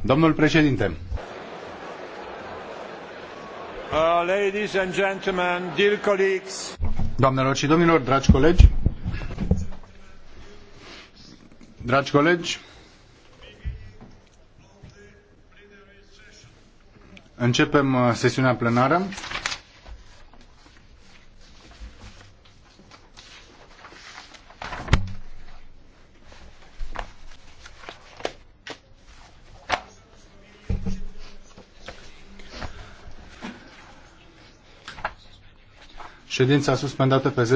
Domnul președinte. Uh, ladies and gentlemen, dear colleagues. Doamnelor și domnilor, dragi colegi. Dragi colegi, începem uh, sesiunea plenară. Ședința suspendată pe